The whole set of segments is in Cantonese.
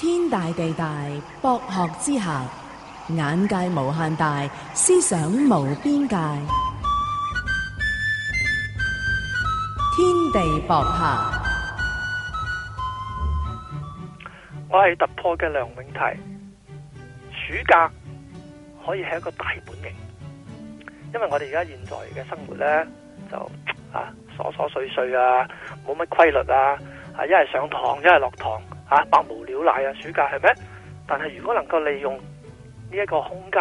天大地大，博學之下，眼界無限大，思想無邊界。天地博客，我係突破嘅梁永泰。暑假可以係一個大本營，因為我哋而家現在嘅生活咧就啊瑣瑣碎碎啊，冇乜規律啊，啊一係上堂，一係落堂。啊百無聊賴啊！暑假係咩？但係如果能夠利用呢一個空間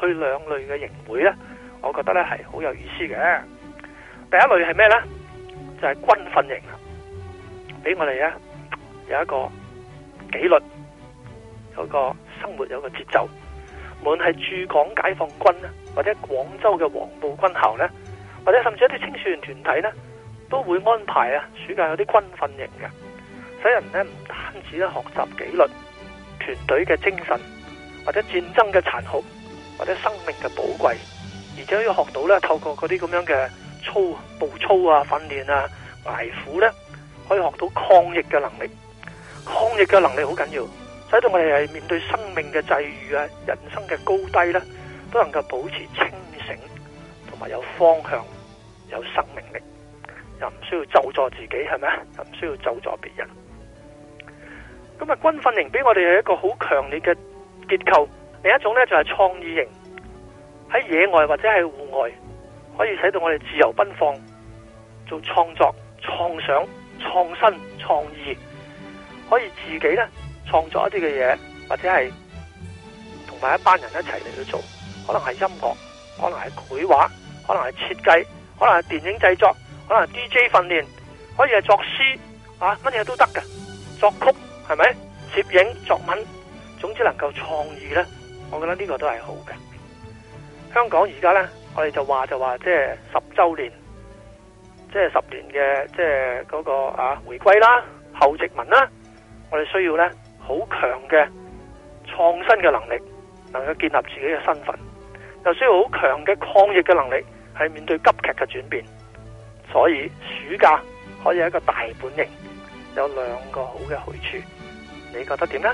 去兩類嘅營會呢，我覺得呢係好有意思嘅。第一類係咩呢？就係、是、軍訓營，俾我哋呢有一個紀律，有一個生活，有一個節奏。無論係駐港解放軍啊，或者廣州嘅黃埔軍校呢，或者甚至一啲青少年團體呢，都會安排啊暑假有啲軍訓營嘅。使人咧唔單止咧學習紀律、團隊嘅精神，或者戰爭嘅殘酷，或者生命嘅寶貴，而且要學到咧透過嗰啲咁樣嘅操、步操啊、訓練啊、捱苦咧，可以學到抗逆嘅能力。抗逆嘅能力好緊要，使到我哋係面對生命嘅際遇啊、人生嘅高低咧，都能夠保持清醒，同埋有方向、有生命力，又唔需要救助自己係咪啊？又唔需要救助別人。咁啊，軍訓營俾我哋有一個好強烈嘅結構。另一種咧就係創意型，喺野外或者係戶外，可以使到我哋自由奔放，做創作、創想、創新、創意，可以自己咧創作一啲嘅嘢，或者係同埋一班人一齊嚟到做，可能係音樂，可能係繪畫，可能係設計，可能係電影製作，可能係 DJ 訓練，可以係作詩啊，乜嘢都得嘅作曲。係咪攝影、作文，總之能夠創意呢，我覺得呢個都係好嘅。香港而家呢，我哋就話就話，即係十周年，即係十年嘅，即係嗰個啊回歸啦、後殖民啦，我哋需要呢，好強嘅創新嘅能力，能夠建立自己嘅身份，又需要好強嘅抗逆嘅能力，係面對急劇嘅轉變。所以暑假可以一個大本營。有兩個好嘅去處，你覺得點呢？